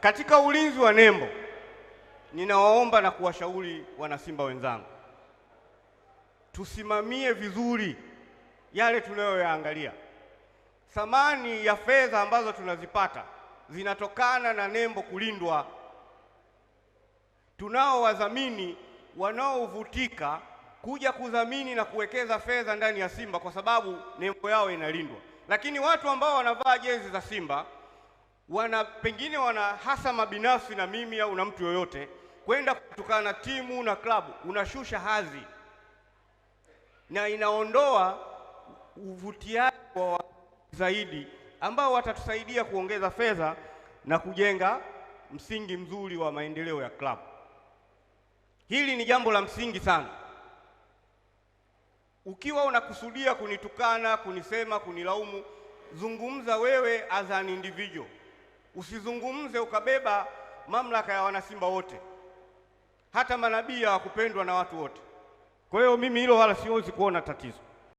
Katika ulinzi wa nembo, ninawaomba na kuwashauri wanasimba wenzangu, tusimamie vizuri yale tunayoyaangalia. Thamani ya fedha ambazo tunazipata zinatokana na nembo kulindwa. Tunao wadhamini wanaovutika kuja kudhamini na kuwekeza fedha ndani ya Simba kwa sababu nembo yao inalindwa, lakini watu ambao wanavaa jezi za Simba wana pengine wana hasama binafsi na mimi au na mtu yoyote, kwenda kutokana na timu na klabu, unashusha hadhi na inaondoa uvutiaji wa zaidi ambao watatusaidia kuongeza fedha na kujenga msingi mzuri wa maendeleo ya klabu. Hili ni jambo la msingi sana. Ukiwa unakusudia kunitukana, kunisema, kunilaumu, zungumza wewe as an individual. Usizungumze ukabeba mamlaka ya wanasimba wote, hata manabii hawakupendwa na watu wote. Kwa hiyo mimi hilo wala siwezi kuona tatizo.